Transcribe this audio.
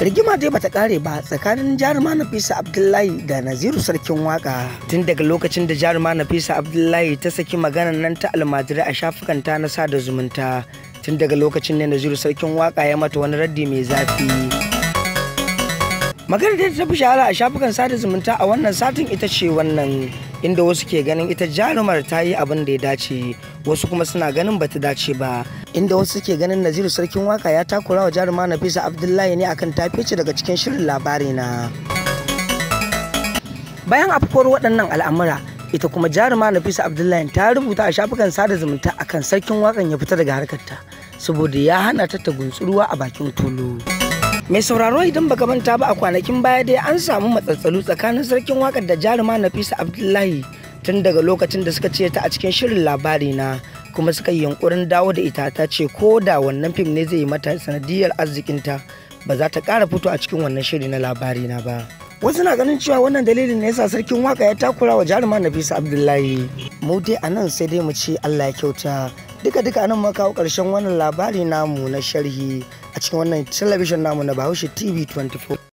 rigima dai bata kare ba tsakanin jaruma nafisa abdullahi da naziru sarkin waka tun daga lokacin da jaruma nafisa abdullahi ta saki maganar nan ta almajirai a shafukan ta na sada zumunta tun daga lokacin ne naziru sarkin waka ya mata wani raddi mai zafi maganar da ta fi shahara a shafukan sada zumunta a wannan satin ita ce wannan inda wasu ke ganin ita jarumar ta yi abin da ya dace wasu kuma suna ganin bata dace ba inda wasu ke ganin naziru sarkin waka ya takura wa jaruma nafisa abdullahi ne akan ta fice daga cikin shirin labari na bayan afkuwar waɗannan al'amura ita kuma jaruma nafisa abdullahi ta rubuta a shafukan sada zumunta akan sarkin wakan ya fita daga harkarta saboda ya hana ta ta guntsuruwa a bakin tulu. mai sauraro idan baka manta ba a kwanakin baya dai an samu matsatsalu tsakanin sarkin wakar da jaruma nafisa abdullahi tun daga lokacin da suka ce ta a cikin shirin labari na kuma suka yi yunkurin dawo da ita ta ce ko da wannan fim ne zai yi mata sanadiyar arzikinta ba za ta ƙara fito a cikin wannan shiri na labari na ba wasu na ganin cewa wannan dalilin ne yasa sarkin waka ya takura wa jaruma nafisa abdullahi mu dai a nan sai dai mu ce allah ya kyauta duka duka nan muka kawo ƙarshen wannan labari namu na sharhi a cikin wannan talabijin namu na Bahaushe TV 24